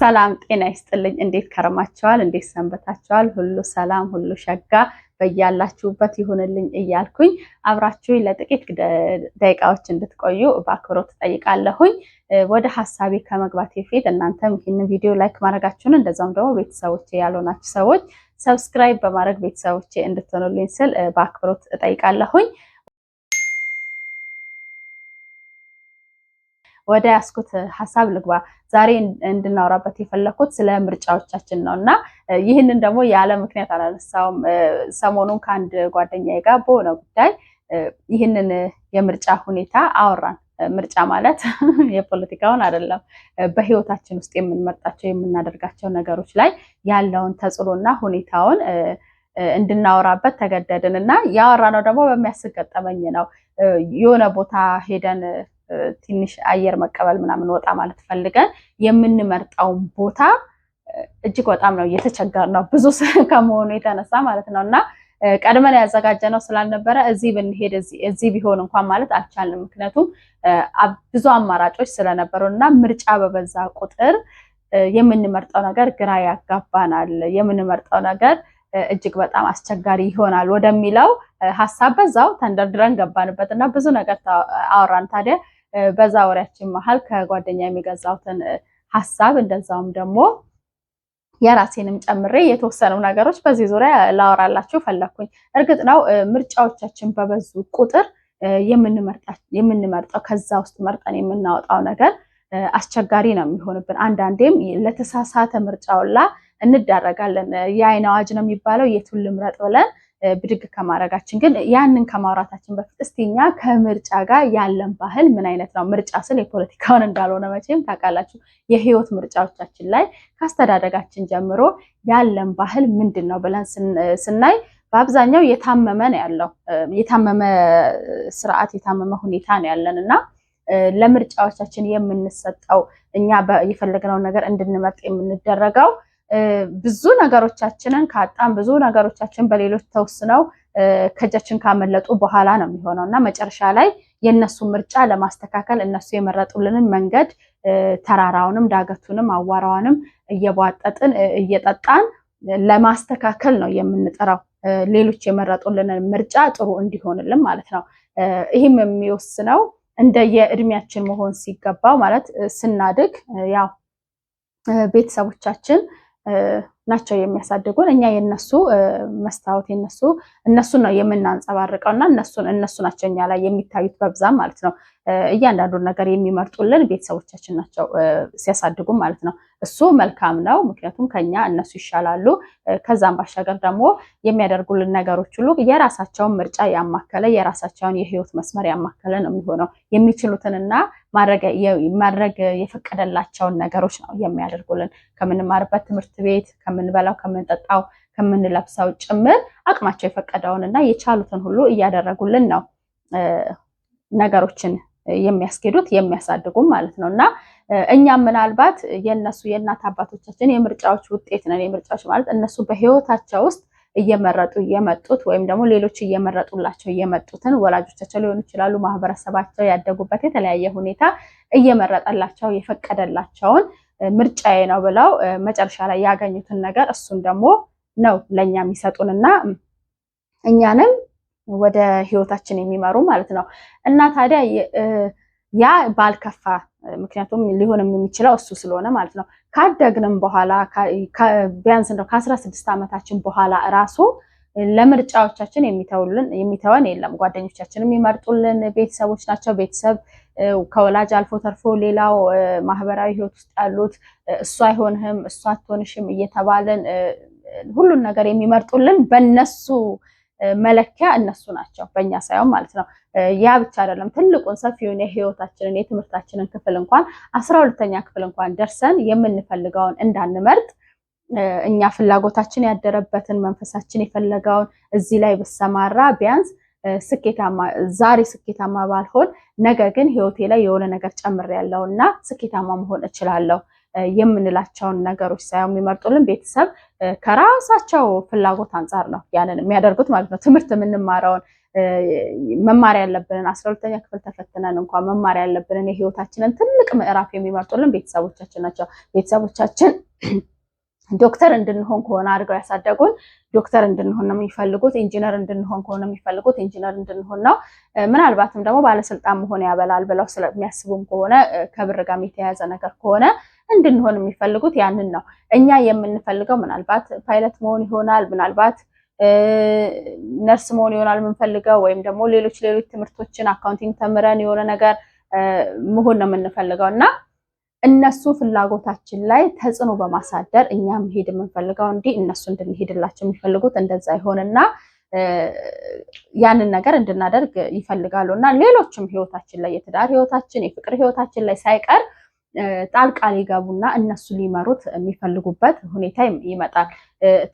ሰላም ጤና ይስጥልኝ። እንዴት ከረማችኋል? እንዴት ሰንበታችኋል? ሁሉ ሰላም፣ ሁሉ ሸጋ በያላችሁበት ይሁንልኝ እያልኩኝ አብራችሁ ለጥቂት ደቂቃዎች እንድትቆዩ በአክብሮት ትጠይቃለሁኝ ወደ ሀሳቤ ከመግባት በፊት እናንተም ይህን ቪዲዮ ላይክ ማድረጋችሁን እንደዛም ደግሞ ቤተሰቦች ያልሆናችሁ ሰዎች ሰብስክራይብ በማድረግ ቤተሰቦቼ እንድትሆኑልኝ ስል በአክብሮት እጠይቃለሁኝ። ወደ ያስኩት ሀሳብ ልግባ። ዛሬ እንድናወራበት የፈለግኩት ስለ ምርጫዎቻችን ነው እና ይህንን ደግሞ ያለ ምክንያት አላነሳውም። ሰሞኑን ከአንድ ጓደኛዬ ጋር በሆነ ጉዳይ ይህንን የምርጫ ሁኔታ አወራን። ምርጫ ማለት የፖለቲካውን አይደለም፣ በህይወታችን ውስጥ የምንመርጣቸው የምናደርጋቸው ነገሮች ላይ ያለውን ተጽዕኖና ሁኔታውን እንድናወራበት ተገደድን እና ያወራነው ደግሞ በሚያስገጠመኝ ነው። የሆነ ቦታ ሄደን ትንሽ አየር መቀበል ምናምን ወጣ ማለት ፈልገን የምንመርጠውን ቦታ እጅግ በጣም ነው እየተቸገር ነው ብዙ ከመሆኑ የተነሳ ማለት ነው እና ቀድመን ያዘጋጀነው ስላልነበረ እዚህ ብንሄድ እዚህ ቢሆን እንኳን ማለት አልቻልንም። ምክንያቱም ብዙ አማራጮች ስለነበሩ እና ምርጫ በበዛ ቁጥር የምንመርጠው ነገር ግራ ያጋባናል፣ የምንመርጠው ነገር እጅግ በጣም አስቸጋሪ ይሆናል ወደሚለው ሀሳብ በዛው ተንደርድረን ገባንበት እና ብዙ ነገር አወራን ታዲያ በዛ ወሬያችን መሀል ከጓደኛ የሚገዛውትን ሀሳብ እንደዛውም ደግሞ የራሴንም ጨምሬ የተወሰኑ ነገሮች በዚህ ዙሪያ ላወራላችሁ ፈለግኩኝ። እርግጥ ነው ምርጫዎቻችን በበዙ ቁጥር የምንመርጠው ከዛ ውስጥ መርጠን የምናወጣው ነገር አስቸጋሪ ነው የሚሆንብን። አንዳንዴም ለተሳሳተ ምርጫውላ እንዳረጋለን። የአይን አዋጅ ነው የሚባለው የቱን ልምረጥ ብለን ብድግ ከማድረጋችን ግን ያንን ከማውራታችን በፊት እስቲ እኛ ከምርጫ ጋር ያለን ባህል ምን አይነት ነው? ምርጫ ስል የፖለቲካውን እንዳልሆነ መቼም ታውቃላችሁ። የህይወት ምርጫዎቻችን ላይ ከአስተዳደጋችን ጀምሮ ያለን ባህል ምንድን ነው ብለን ስናይ በአብዛኛው የታመመ ነው ያለው። የታመመ ስርዓት፣ የታመመ ሁኔታ ነው ያለን እና ለምርጫዎቻችን የምንሰጠው እኛ የፈለግነውን ነገር እንድንመርጥ የምንደረገው ብዙ ነገሮቻችንን ካጣን ብዙ ነገሮቻችን በሌሎች ተወስነው ከእጃችን ካመለጡ በኋላ ነው የሚሆነው እና መጨረሻ ላይ የእነሱ ምርጫ ለማስተካከል እነሱ የመረጡልንን መንገድ ተራራውንም ዳገቱንም አዋራዋንም እየቧጠጥን እየጠጣን ለማስተካከል ነው የምንጥረው፣ ሌሎች የመረጡልንን ምርጫ ጥሩ እንዲሆንልን ማለት ነው። ይህም የሚወስነው የእድሜያችን መሆን ሲገባው ማለት ስናድግ ያው ቤተሰቦቻችን ናቸው የሚያሳድጉን። እኛ የነሱ መስታወት የነሱ እነሱን ነው የምናንጸባርቀው እና እነሱ ናቸው እኛ ላይ የሚታዩት በብዛ ማለት ነው። እያንዳንዱን ነገር የሚመርጡልን ቤተሰቦቻችን ናቸው ሲያሳድጉ ማለት ነው። እሱ መልካም ነው፣ ምክንያቱም ከኛ እነሱ ይሻላሉ። ከዛም ባሻገር ደግሞ የሚያደርጉልን ነገሮች ሁሉ የራሳቸውን ምርጫ ያማከለ የራሳቸውን የህይወት መስመር ያማከለ ነው የሚሆነው የሚችሉትንና ማድረግ የፈቀደላቸውን ነገሮች ነው የሚያደርጉልን። ከምንማርበት ትምህርት ቤት፣ ከምንበላው፣ ከምንጠጣው፣ ከምንለብሰው ጭምር አቅማቸው የፈቀደውን እና የቻሉትን ሁሉ እያደረጉልን ነው ነገሮችን የሚያስኬዱት የሚያሳድጉም ማለት ነው። እና እኛም ምናልባት የእነሱ የእናት አባቶቻችን የምርጫዎች ውጤት ነን። የምርጫዎች ማለት እነሱ በህይወታቸው ውስጥ እየመረጡ እየመጡት ወይም ደግሞ ሌሎች እየመረጡላቸው እየመጡትን ወላጆቻቸው ሊሆኑ ይችላሉ፣ ማህበረሰባቸው ያደጉበት የተለያየ ሁኔታ እየመረጠላቸው የፈቀደላቸውን ምርጫዬ ነው ብለው መጨረሻ ላይ ያገኙትን ነገር እሱን ደግሞ ነው ለእኛ የሚሰጡንና እኛንም ወደ ህይወታችን የሚመሩ ማለት ነው እና ታዲያ ያ ባልከፋ ምክንያቱም ሊሆን የሚችለው እሱ ስለሆነ ማለት ነው። ካደግንም በኋላ ቢያንስ እንደው ከአስራ ስድስት ዓመታችን በኋላ እራሱ ለምርጫዎቻችን የሚተውልን የሚተወን የለም። ጓደኞቻችን የሚመርጡልን ቤተሰቦች ናቸው። ቤተሰብ ከወላጅ አልፎ ተርፎ ሌላው ማህበራዊ ህይወት ውስጥ ያሉት እሱ አይሆንህም፣ እሱ አትሆንሽም እየተባለን ሁሉን ነገር የሚመርጡልን በነሱ መለኪያ እነሱ ናቸው፣ በእኛ ሳይሆን ማለት ነው። ያ ብቻ አይደለም። ትልቁን ሰፊውን የህይወታችንን የትምህርታችንን ክፍል እንኳን አስራ ሁለተኛ ክፍል እንኳን ደርሰን የምንፈልገውን እንዳንመርጥ እኛ ፍላጎታችን ያደረበትን መንፈሳችን የፈለገውን እዚህ ላይ ብሰማራ ቢያንስ ስኬታማ ዛሬ ስኬታማ ባልሆን፣ ነገ ግን ህይወቴ ላይ የሆነ ነገር ጨምር እና ስኬታማ መሆን እችላለሁ የምንላቸውን ነገሮች ሳይሆን የሚመርጡልን ቤተሰብ ከራሳቸው ፍላጎት አንጻር ነው ያንን የሚያደርጉት ማለት ነው። ትምህርት የምንማረውን መማር ያለብንን አስራ ሁለተኛ ክፍል ተፈትነን እንኳን መማር ያለብንን የህይወታችንን ትልቅ ምዕራፍ የሚመርጡልን ቤተሰቦቻችን ናቸው። ቤተሰቦቻችን ዶክተር እንድንሆን ከሆነ አድርገው ያሳደጉን ዶክተር እንድንሆን ነው የሚፈልጉት። ኢንጂነር እንድንሆን ከሆነ የሚፈልጉት ኢንጂነር እንድንሆን ነው። ምናልባትም ደግሞ ባለስልጣን መሆን ያበላል ብለው ስለሚያስቡም ከሆነ ከብር ጋር የተያያዘ ነገር ከሆነ እንድንሆን የሚፈልጉት ያንን ነው። እኛ የምንፈልገው ምናልባት ፓይለት መሆን ይሆናል፣ ምናልባት ነርስ መሆን ይሆናል የምንፈልገው ወይም ደግሞ ሌሎች ሌሎች ትምህርቶችን አካውንቲንግ ተምረን የሆነ ነገር መሆን ነው የምንፈልገው እና እነሱ ፍላጎታችን ላይ ተጽዕኖ በማሳደር እኛ መሄድ የምንፈልገው እንዲህ እነሱ እንድንሄድላቸው የሚፈልጉት እንደዛ ይሆንና ያንን ነገር እንድናደርግ ይፈልጋሉ እና ሌሎችም ህይወታችን ላይ የትዳር ህይወታችን፣ የፍቅር ህይወታችን ላይ ሳይቀር ጣልቃ ሊገቡና እነሱ ሊመሩት የሚፈልጉበት ሁኔታ ይመጣል።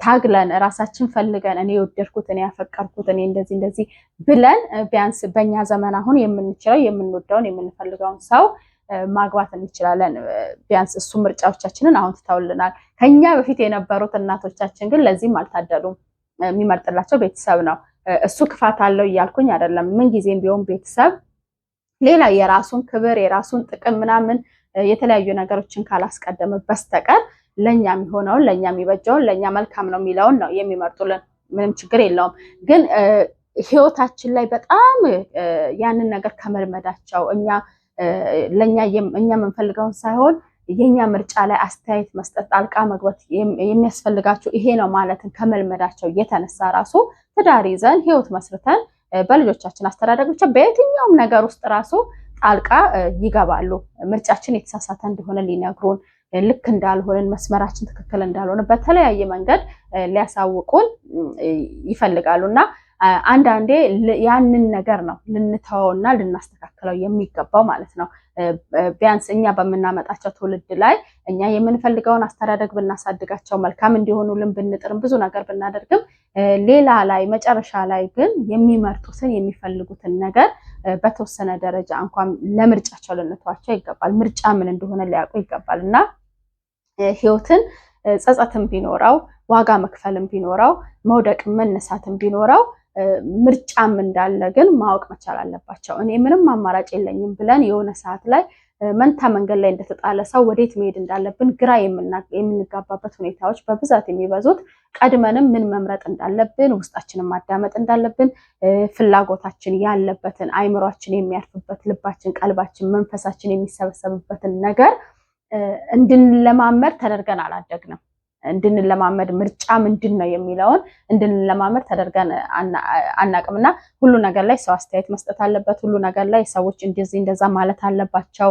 ታግለን ራሳችን ፈልገን እኔ የወደድኩት እኔ ያፈቀርኩት እኔ እንደዚህ እንደዚህ ብለን ቢያንስ በእኛ ዘመን አሁን የምንችለው የምንወደውን የምንፈልገውን ሰው ማግባት እንችላለን። ቢያንስ እሱ ምርጫዎቻችንን አሁን ትተውልናል። ከኛ በፊት የነበሩት እናቶቻችን ግን ለዚህም አልታደሉም። የሚመርጥላቸው ቤተሰብ ነው። እሱ ክፋት አለው እያልኩኝ አይደለም። ምን ጊዜም ቢሆን ቤተሰብ ሌላ የራሱን ክብር የራሱን ጥቅም ምናምን የተለያዩ ነገሮችን ካላስቀደመ በስተቀር ለእኛ የሚሆነውን ለእኛ የሚበጀውን ለእኛ መልካም ነው የሚለውን ነው የሚመርጡልን። ምንም ችግር የለውም። ግን ህይወታችን ላይ በጣም ያንን ነገር ከመልመዳቸው እኛ ለእኛ እኛ የምንፈልገውን ሳይሆን የኛ ምርጫ ላይ አስተያየት መስጠት፣ ጣልቃ መግባት የሚያስፈልጋቸው ይሄ ነው ማለትን ከመልመዳቸው የተነሳ ራሱ ትዳር ይዘን ህይወት መስርተን በልጆቻችን አስተዳደግ ብቻ በየትኛውም ነገር ውስጥ ራሱ ጣልቃ ይገባሉ። ምርጫችን የተሳሳተ እንደሆነ ሊነግሩን፣ ልክ እንዳልሆንን፣ መስመራችን ትክክል እንዳልሆነ በተለያየ መንገድ ሊያሳውቁን ይፈልጋሉ እና አንዳንዴ ያንን ነገር ነው ልንተወውና ልናስተካክለው የሚገባው ማለት ነው። ቢያንስ እኛ በምናመጣቸው ትውልድ ላይ እኛ የምንፈልገውን አስተዳደግ ብናሳድጋቸው መልካም እንዲሆኑልን ብንጥርም ብዙ ነገር ብናደርግም ሌላ ላይ መጨረሻ ላይ ግን የሚመርጡትን የሚፈልጉትን ነገር በተወሰነ ደረጃ እንኳን ለምርጫቸው ልንተዋቸው ይገባል። ምርጫ ምን እንደሆነ ሊያውቁ ይገባል እና ህይወትን ጸጸትም ቢኖረው ዋጋ መክፈልም ቢኖረው መውደቅም መነሳትም ቢኖረው ምርጫም እንዳለ ግን ማወቅ መቻል አለባቸው። እኔ ምንም አማራጭ የለኝም ብለን የሆነ ሰዓት ላይ መንታ መንገድ ላይ እንደተጣለ ሰው ወዴት መሄድ እንዳለብን ግራ የምንጋባበት ሁኔታዎች በብዛት የሚበዙት ቀድመንም ምን መምረጥ እንዳለብን ውስጣችንን ማዳመጥ እንዳለብን ፍላጎታችን ያለበትን አይምሯችን የሚያርፍበት ልባችን፣ ቀልባችን፣ መንፈሳችን የሚሰበሰብበትን ነገር እንድንለማመድ ተደርገን አላደግንም። እንድንለማመድ ምርጫ ምንድን ነው የሚለውን እንድንለማመድ ተደርገን አናቅምና ሁሉ ነገር ላይ ሰው አስተያየት መስጠት አለበት። ሁሉ ነገር ላይ ሰዎች እንደዚህ እንደዛ ማለት አለባቸው።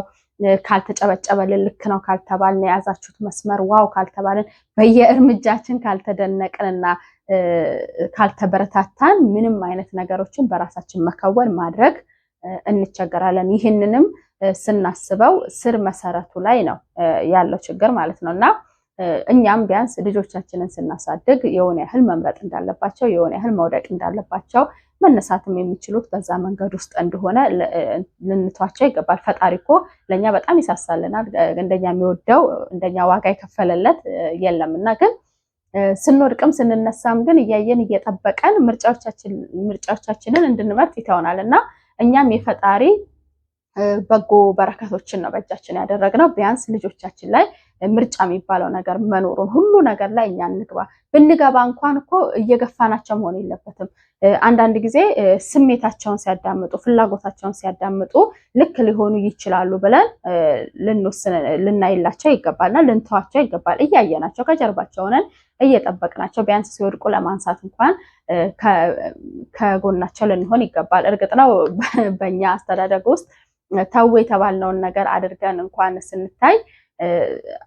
ካልተጨበጨበልን ልክ ነው ካልተባልን፣ የያዛችሁት መስመር ዋው ካልተባልን፣ በየእርምጃችን ካልተደነቅንና ካልተበረታታን ምንም አይነት ነገሮችን በራሳችን መከወን ማድረግ እንቸገራለን። ይህንንም ስናስበው ስር መሰረቱ ላይ ነው ያለው ችግር ማለት ነው እና እኛም ቢያንስ ልጆቻችንን ስናሳድግ የሆነ ያህል መምረጥ እንዳለባቸው የሆነ ያህል መውደቅ እንዳለባቸው መነሳትም የሚችሉት በዛ መንገድ ውስጥ እንደሆነ ልንቷቸው ይገባል። ፈጣሪ እኮ ለእኛ በጣም ይሳሳልናል። እንደኛ የሚወደው እንደኛ ዋጋ የከፈለለት የለም እና ግን ስንወድቅም ስንነሳም ግን እያየን እየጠበቀን ምርጫዎቻችንን እንድንመርጥ ይተውናል እና እኛም የፈጣሪ በጎ በረከቶችን ነው በእጃችን ያደረግነው ቢያንስ ልጆቻችን ላይ ምርጫ የሚባለው ነገር መኖሩን ሁሉ ነገር ላይ እኛ እንግባ ብንገባ እንኳን እኮ እየገፋናቸው መሆን የለበትም። አንዳንድ ጊዜ ስሜታቸውን ሲያዳምጡ፣ ፍላጎታቸውን ሲያዳምጡ ልክ ሊሆኑ ይችላሉ ብለን ልንወስን ልናይላቸው ይገባልና ልንተዋቸው ይገባል። እያየናቸው ከጀርባቸው ሆነን እየጠበቅናቸው ቢያንስ ሲወድቁ ለማንሳት እንኳን ከጎናቸው ልንሆን ይገባል። እርግጥ ነው በእኛ አስተዳደግ ውስጥ ተው የተባልነውን ነገር አድርገን እንኳን ስንታይ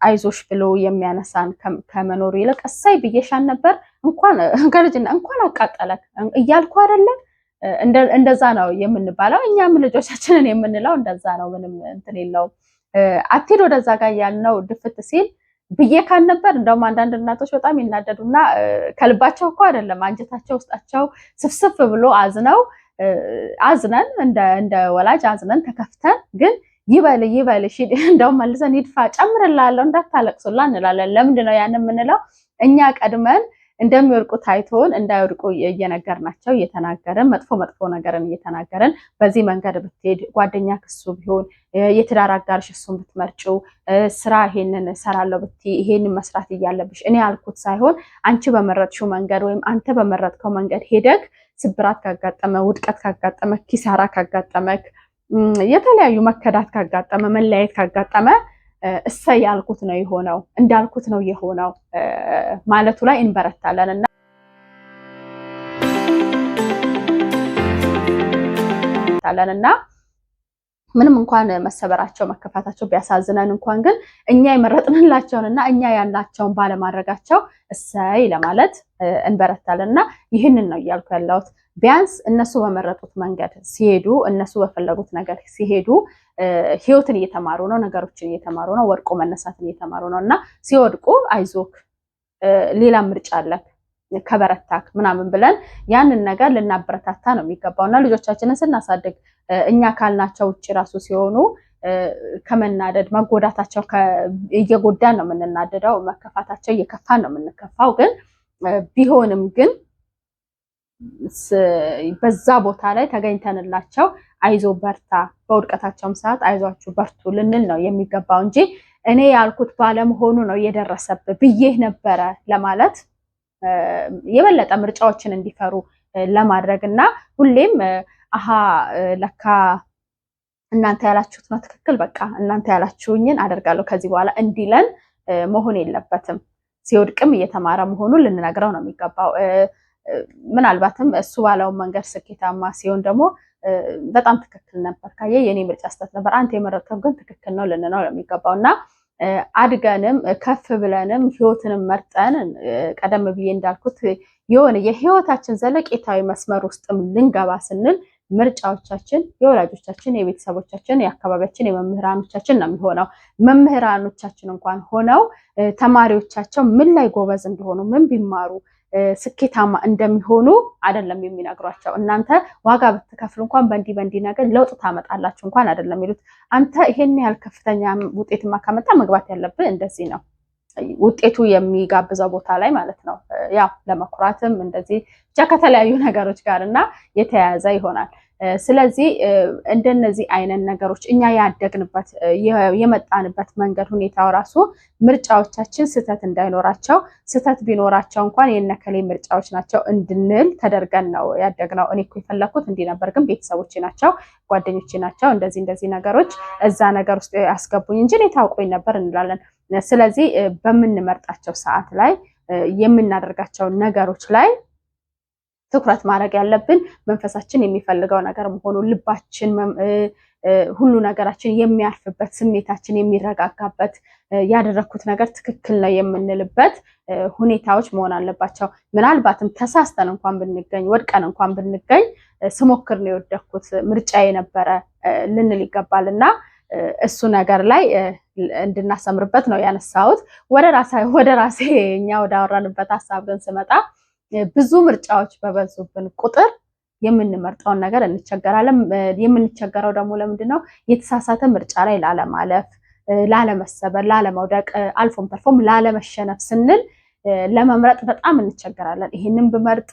አይዞሽ ብሎ የሚያነሳን ከመኖሩ ይልቅ እሰይ ብዬሻን ነበር እንኳን ከልጅና እንኳን አቃጠለክ እያልኩ አይደለም እንደዛ ነው የምንባለው። እኛም ልጆቻችንን የምንለው እንደዛ ነው። ምንም እንትን የለው። አትሂድ ወደዛ ጋር ያልነው ድፍት ሲል ብዬ ካልነበር እንደውም አንዳንድ እናቶች በጣም ይናደዱና ከልባቸው እኮ አይደለም አንጀታቸው ውስጣቸው ስፍስፍ ብሎ አዝነው አዝነን እንደ ወላጅ አዝነን ተከፍተን ግን ይበል ይበል እሺ፣ እንደውም መልሰን ይድፋ ጨምርላለሁ እንዳታለቅሱላ እንላለን። ለምንድን ነው ያን የምንለው? እኛ ቀድመን እንደሚወድቁ ታይቶን እንዳይወድቁ እየነገርናቸው እየተናገርን መጥፎ መጥፎ ነገርን እየተናገርን በዚህ መንገድ ብትሄድ ጓደኛ ክሱ ቢሆን የትዳር አጋርሽ እሱን ብትመርጭው ስራ ይሄንን እሰራለሁ ብትይ ይሄንን መስራት እያለብሽ እኔ ያልኩት ሳይሆን አንቺ በመረጥሽው መንገድ ወይም አንተ በመረጥከው መንገድ ሄደክ ስብራት ካጋጠመ፣ ውድቀት ካጋጠመ፣ ኪሳራ ካጋጠመክ የተለያዩ መከዳት ካጋጠመ መለያየት ካጋጠመ እሰይ ያልኩት ነው የሆነው እንዳልኩት ነው የሆነው ማለቱ ላይ እንበረታለን እና እና ምንም እንኳን መሰበራቸው መከፋታቸው ቢያሳዝነን እንኳን ግን እኛ የመረጥንላቸውን እና እኛ ያላቸውን ባለማድረጋቸው እሰይ ለማለት እንበረታለን እና ይህንን ነው እያልኩ ያለሁት። ቢያንስ እነሱ በመረጡት መንገድ ሲሄዱ እነሱ በፈለጉት ነገር ሲሄዱ ህይወትን እየተማሩ ነው፣ ነገሮችን እየተማሩ ነው፣ ወድቆ መነሳትን እየተማሩ ነው እና ሲወድቁ አይዞክ ሌላ ምርጫ አለክ ከበረታክ ምናምን ብለን ያንን ነገር ልናበረታታ ነው የሚገባው እና ልጆቻችንን ስናሳድግ እኛ ካልናቸው ውጭ ራሱ ሲሆኑ ከመናደድ መጎዳታቸው እየጎዳን ነው የምንናደደው፣ መከፋታቸው እየከፋን ነው የምንከፋው ግን ቢሆንም ግን በዛ ቦታ ላይ ተገኝተንላቸው አይዞ በርታ፣ በውድቀታቸውም ሰዓት አይዟችሁ በርቱ ልንል ነው የሚገባው እንጂ እኔ ያልኩት ባለመሆኑ ነው የደረሰብ ብዬህ ነበረ ለማለት የበለጠ ምርጫዎችን እንዲፈሩ ለማድረግ እና ሁሌም አሀ ለካ እናንተ ያላችሁት ነው ትክክል፣ በቃ እናንተ ያላችሁኝን አደርጋለሁ ከዚህ በኋላ እንዲለን መሆን የለበትም። ሲወድቅም እየተማረ መሆኑን ልንነግረው ነው የሚገባው። ምናልባትም እሱ ባለው መንገድ ስኬታማ ሲሆን ደግሞ በጣም ትክክል ነበር፣ ካየ የኔ ምርጫ ስህተት ነበር፣ አንተ የመረጥከው ግን ትክክል ነው ልንነው የሚገባው እና አድገንም ከፍ ብለንም ህይወትንም መርጠን ቀደም ብዬ እንዳልኩት የሆነ የህይወታችን ዘለቄታዊ መስመር ውስጥም ልንገባ ስንል ምርጫዎቻችን የወላጆቻችን፣ የቤተሰቦቻችን፣ የአካባቢያችን፣ የመምህራኖቻችን ነው የሚሆነው። መምህራኖቻችን እንኳን ሆነው ተማሪዎቻቸው ምን ላይ ጎበዝ እንደሆኑ ምን ቢማሩ ስኬታማ እንደሚሆኑ አይደለም የሚነግሯቸው። እናንተ ዋጋ ብትከፍል እንኳን በእንዲህ በእንዲህ ነገር ለውጥ ታመጣላችሁ እንኳን አይደለም የሚሉት። አንተ ይሄን ያህል ከፍተኛ ውጤትማ ካመጣ መግባት ያለብህ እንደዚህ ነው፣ ውጤቱ የሚጋብዘው ቦታ ላይ ማለት ነው። ያው ለመኩራትም እንደዚህ ብቻ ከተለያዩ ነገሮች ጋር እና የተያያዘ ይሆናል። ስለዚህ እንደነዚህ አይነት ነገሮች እኛ ያደግንበት የመጣንበት መንገድ ሁኔታው ራሱ ምርጫዎቻችን ስህተት እንዳይኖራቸው ስህተት ቢኖራቸው እንኳን የነከሌ ምርጫዎች ናቸው እንድንል ተደርገን ነው ያደግነው። እኔ እኮ የፈለግኩት እንዲህ ነበር፣ ግን ቤተሰቦቼ ናቸው፣ ጓደኞቼ ናቸው እንደዚህ እንደዚህ ነገሮች እዛ ነገር ውስጥ ያስገቡኝ እንጂ እኔ ታውቆኝ ነበር እንላለን። ስለዚህ በምንመርጣቸው ሰዓት ላይ የምናደርጋቸው ነገሮች ላይ ትኩረት ማድረግ ያለብን መንፈሳችን የሚፈልገው ነገር መሆኑ ልባችን ሁሉ ነገራችን የሚያርፍበት ስሜታችን የሚረጋጋበት ያደረግኩት ነገር ትክክል ነው የምንልበት ሁኔታዎች መሆን አለባቸው። ምናልባትም ተሳስተን እንኳን ብንገኝ ወድቀን እንኳን ብንገኝ ስሞክር ነው የወደኩት ምርጫ የነበረ ልንል ይገባል እና እሱ ነገር ላይ እንድናሰምርበት ነው ያነሳሁት። ወደ ራሴ እኛ ወዳወራንበት ሀሳብ ግን ስመጣ ብዙ ምርጫዎች በበዙብን ቁጥር የምንመርጠውን ነገር እንቸገራለን። የምንቸገረው ደግሞ ለምንድን ነው? የተሳሳተ ምርጫ ላይ ላለማለፍ፣ ላለመሰበር፣ ላለመውደቅ አልፎም ተርፎም ላለመሸነፍ ስንል ለመምረጥ በጣም እንቸገራለን። ይሄንን ብመርጥ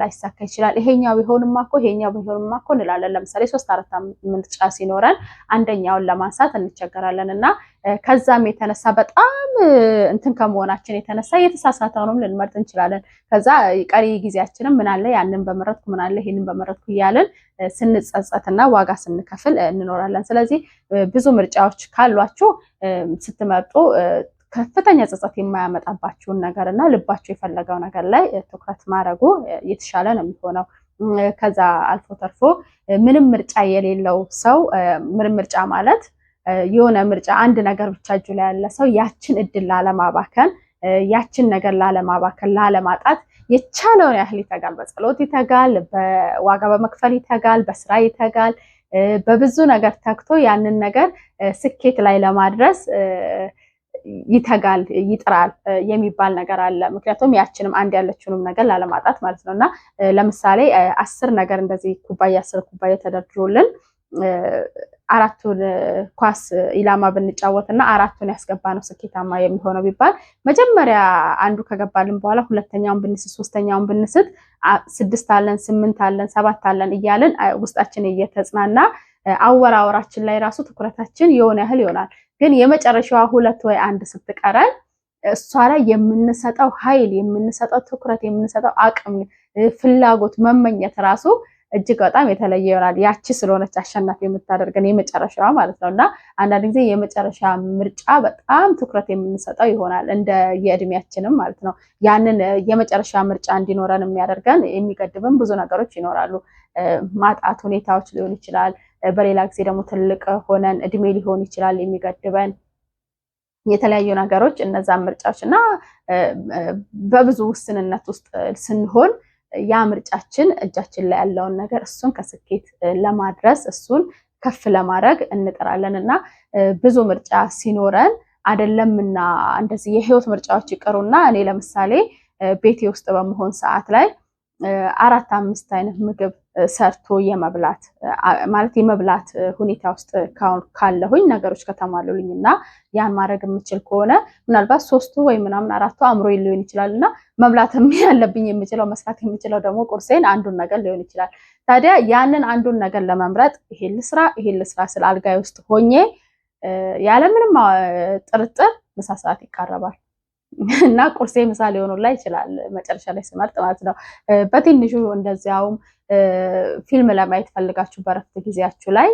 ላይሳካ ይችላል፣ ይሄኛው ቢሆንማ እኮ ይሄኛው ቢሆንማ እኮ እንላለን። ለምሳሌ ሶስት አራት ምርጫ ሲኖረን አንደኛውን ለማንሳት እንቸገራለን እና ከዛም የተነሳ በጣም እንትን ከመሆናችን የተነሳ የተሳሳተውንም ልንመርጥ እንችላለን። ከዛ ቀሪ ጊዜያችንም ምናለ ያንን በመረጥኩ ምናለ ይሄንን በመረጥኩ እያለን ስንጸጸትና ዋጋ ስንከፍል እንኖራለን። ስለዚህ ብዙ ምርጫዎች ካሏችሁ ስትመርጡ ከፍተኛ ጸጸት የማያመጣባቸውን ነገር እና ልባቸው የፈለገው ነገር ላይ ትኩረት ማድረጉ የተሻለ ነው የሚሆነው። ከዛ አልፎ ተርፎ ምንም ምርጫ የሌለው ሰው ምንም ምርጫ ማለት የሆነ ምርጫ አንድ ነገር ብቻ እጁ ላይ ያለ ሰው ያችን እድል ላለማባከን ያችን ነገር ላለማባከን ላለማጣት የቻለውን ያህል ይተጋል። በጸሎት ይተጋል፣ በዋጋ በመክፈል ይተጋል፣ በስራ ይተጋል። በብዙ ነገር ተግቶ ያንን ነገር ስኬት ላይ ለማድረስ ይተጋል ይጥራል የሚባል ነገር አለ። ምክንያቱም ያችንም አንድ ያለችውንም ነገር ላለማጣት ማለት ነው። እና ለምሳሌ አስር ነገር እንደዚህ ኩባያ አስር ኩባያ ተደርድሮልን አራቱን ኳስ ኢላማ ብንጫወት እና አራቱን ያስገባ ነው ስኬታማ የሚሆነው ቢባል መጀመሪያ አንዱ ከገባልን በኋላ ሁለተኛውን ብንስት ሶስተኛውን ብንስት ስድስት አለን ስምንት አለን ሰባት አለን እያለን ውስጣችን እየተጽናና አወራወራችን ላይ ራሱ ትኩረታችን የሆነ ያህል ይሆናል። ግን የመጨረሻዋ ሁለት ወይ አንድ ስትቀረን እሷ ላይ የምንሰጠው ኃይል የምንሰጠው ትኩረት የምንሰጠው አቅም፣ ፍላጎት፣ መመኘት ራሱ እጅግ በጣም የተለየ ይሆናል። ያቺ ስለሆነች አሸናፊ የምታደርገን የመጨረሻዋ ማለት ነው እና አንዳንድ ጊዜ የመጨረሻ ምርጫ በጣም ትኩረት የምንሰጠው ይሆናል እንደ የእድሜያችንም ማለት ነው። ያንን የመጨረሻ ምርጫ እንዲኖረን የሚያደርገን የሚገድብን ብዙ ነገሮች ይኖራሉ። ማጣት ሁኔታዎች ሊሆን ይችላል። በሌላ ጊዜ ደግሞ ትልቅ ሆነን እድሜ ሊሆን ይችላል የሚገድበን የተለያዩ ነገሮች እነዛን ምርጫዎች እና በብዙ ውስንነት ውስጥ ስንሆን ያ ምርጫችን እጃችን ላይ ያለውን ነገር እሱን ከስኬት ለማድረስ እሱን ከፍ ለማድረግ እንጠራለን እና ብዙ ምርጫ ሲኖረን እና እንደዚህ የህይወት ምርጫዎች ይቀሩና እኔ ለምሳሌ ቤቴ ውስጥ በመሆን ሰዓት ላይ አራት አምስት አይነት ምግብ ሰርቶ የመብላት ማለት የመብላት ሁኔታ ውስጥ ካለሁኝ ነገሮች ከተሟሉልኝ እና ያን ማድረግ የምችል ከሆነ ምናልባት ሶስቱ ወይ ምናምን አራቱ አእምሮ ሊሆን ይችላል እና መብላት ያለብኝ የምችለው መስራት የምችለው ደግሞ ቁርሴን አንዱን ነገር ሊሆን ይችላል። ታዲያ ያንን አንዱን ነገር ለመምረጥ ይሄን ልስራ ይሄን ልስራ ስለ አልጋይ ውስጥ ሆኜ ያለምንም ጥርጥር ምሳ ሰዓት ይቃረባል። እና ቁርሴ ምሳ ላይ ይችላል መጨረሻ ላይ ስመርጥ ማለት ነው። በትንሹ እንደዚያውም ፊልም ለማየት ፈልጋችሁ በረፍት ጊዜያችሁ ላይ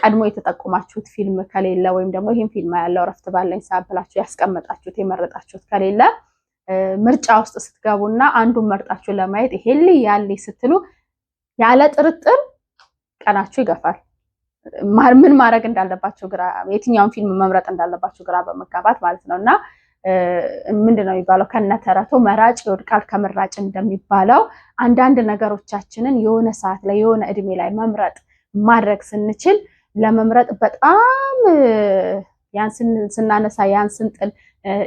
ቀድሞ የተጠቆማችሁት ፊልም ከሌለ ወይም ደግሞ ይህም ፊልም ያለው ረፍት ባለኝ ሰዓት ብላችሁ ያስቀመጣችሁት የመረጣችሁት ከሌለ ምርጫ ውስጥ ስትገቡና አንዱን መርጣችሁ ለማየት ይሄል ያል ስትሉ ያለ ጥርጥር ቀናችሁ ይገፋል። ምን ማድረግ እንዳለባቸው ግራ፣ የትኛውን ፊልም መምረጥ እንዳለባቸው ግራ በመጋባት ማለት ነው እና ምንድን ነው የሚባለው ከነተረቶ መራጭ ይወድቃል ከምራጭ እንደሚባለው አንዳንድ ነገሮቻችንን የሆነ ሰዓት ላይ የሆነ እድሜ ላይ መምረጥ ማድረግ ስንችል ለመምረጥ በጣም ያን ስናነሳ ያን ስንጥል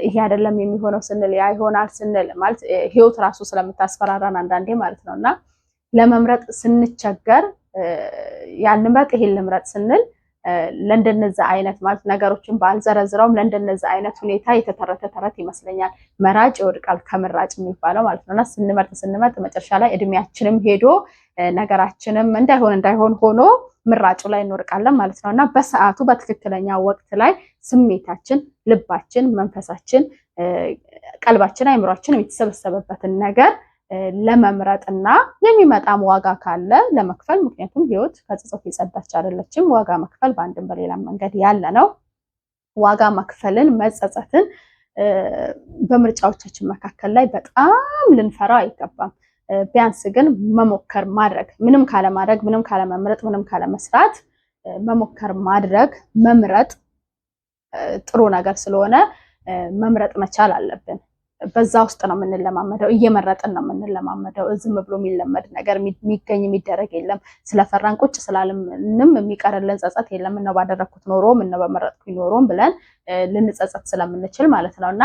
ይሄ አይደለም የሚሆነው ስንል ያ ይሆናል ስንል ማለት ህይወት ራሱ ስለምታስፈራራን አንዳንዴ ማለት ነው እና ለመምረጥ ስንቸገር ያን ልምረጥ ይሄን ልምረጥ ስንል ለእንደነዛ አይነት ማለት ነገሮችን ባልዘረዝረውም ለእንደነዛ አይነት ሁኔታ የተተረተ ተረት ይመስለኛል። መራጭ ይወድቃል ከምራጭ የሚባለው ማለት ነው። እና ስንመርጥ ስንመርጥ መጨረሻ ላይ እድሜያችንም ሄዶ ነገራችንም እንዳይሆን እንዳይሆን ሆኖ ምራጩ ላይ እንወድቃለን ማለት ነው እና በሰዓቱ በትክክለኛ ወቅት ላይ ስሜታችን፣ ልባችን፣ መንፈሳችን፣ ቀልባችን፣ አይምሯችን የተሰበሰበበትን ነገር ለመምረጥ እና የሚመጣም ዋጋ ካለ ለመክፈል ምክንያቱም ህይወት ከጽጽፍ የጸዳች አይደለችም። ዋጋ መክፈል በአንድም በሌላም መንገድ ያለ ነው። ዋጋ መክፈልን፣ መጸጸትን በምርጫዎቻችን መካከል ላይ በጣም ልንፈራ አይገባም። ቢያንስ ግን መሞከር ማድረግ ምንም ካለማድረግ፣ ምንም ካለመምረጥ፣ ምንም ካለመስራት መሞከር ማድረግ መምረጥ ጥሩ ነገር ስለሆነ መምረጥ መቻል አለብን። በዛ ውስጥ ነው የምንለማመደው። እየመረጥን ነው የምንለማመደው። ዝም ብሎ የሚለመድ ነገር የሚገኝ የሚደረግ የለም። ስለፈራን ቁጭ ስላልንም የሚቀርልን ጸጸት የለም። ምነው ባደረግኩት ኖሮ፣ ምነው በመረጥኩኝ ኖሮም ብለን ልንጸጸት ስለምንችል ማለት ነው እና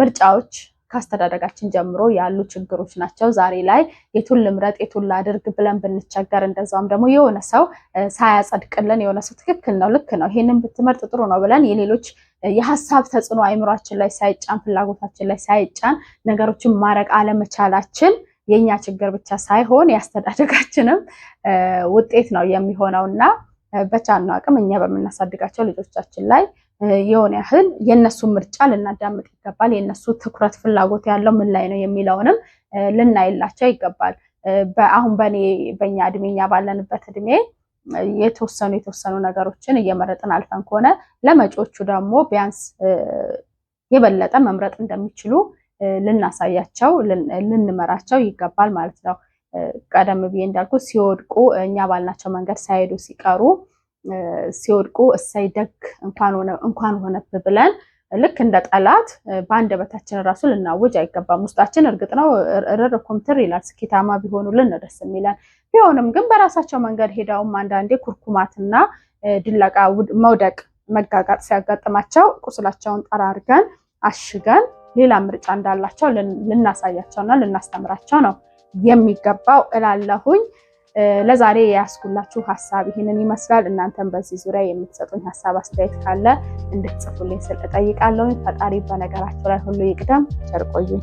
ምርጫዎች ከአስተዳደጋችን ጀምሮ ያሉ ችግሮች ናቸው። ዛሬ ላይ የቱን ልምረጥ የቱን ላድርግ ብለን ብንቸገር፣ እንደዛውም ደግሞ የሆነ ሰው ሳያጸድቅልን የሆነ ሰው ትክክል ነው ልክ ነው ይሄንን ብትመርጥ ጥሩ ነው ብለን የሌሎች የሀሳብ ተጽዕኖ አይምሯችን ላይ ሳይጫን ፍላጎታችን ላይ ሳይጫን ነገሮችን ማድረግ አለመቻላችን የእኛ ችግር ብቻ ሳይሆን የአስተዳደጋችንም ውጤት ነው የሚሆነው እና በቻልነው አቅም እኛ በምናሳድጋቸው ልጆቻችን ላይ የሆነ ያህል የእነሱ ምርጫ ልናዳምጥ ይገባል። የእነሱ ትኩረት ፍላጎት ያለው ምን ላይ ነው የሚለውንም ልናይላቸው ይገባል። አሁን በእኔ በእኛ እድሜ እኛ ባለንበት እድሜ የተወሰኑ የተወሰኑ ነገሮችን እየመረጥን አልፈን ከሆነ ለመጪዎቹ ደግሞ ቢያንስ የበለጠ መምረጥ እንደሚችሉ ልናሳያቸው ልንመራቸው ይገባል ማለት ነው። ቀደም ብዬ እንዳልኩ ሲወድቁ እኛ ባልናቸው መንገድ ሳይሄዱ ሲቀሩ ሲወድቁ እሰይ ደግ እንኳን ሆነብ ብለን ልክ እንደ ጠላት በአንድ በታችን ራሱ ልናውጅ አይገባም። ውስጣችን እርግጥ ነው ርር ኩምትር ይላል። ስኬታማ ቢሆኑልን ነው ደስ የሚለን። ቢሆንም ግን በራሳቸው መንገድ ሄደውም አንዳንዴ ኩርኩማትና ድለቃ፣ መውደቅ፣ መጋጋጥ ሲያጋጥማቸው ቁስላቸውን ጠራርገን አሽገን ሌላ ምርጫ እንዳላቸው ልናሳያቸውና ልናስተምራቸው ነው የሚገባው እላለሁኝ። ለዛሬ የያዝኩላችሁ ሀሳብ ይህንን ይመስላል። እናንተም በዚህ ዙሪያ የምትሰጡኝ ሀሳብ አስተያየት ካለ እንድትጽፉልኝ ስል እጠይቃለሁ። ፈጣሪ በነገራችሁ ላይ ሁሉ ይቅደም። ቸር ቆዩኝ።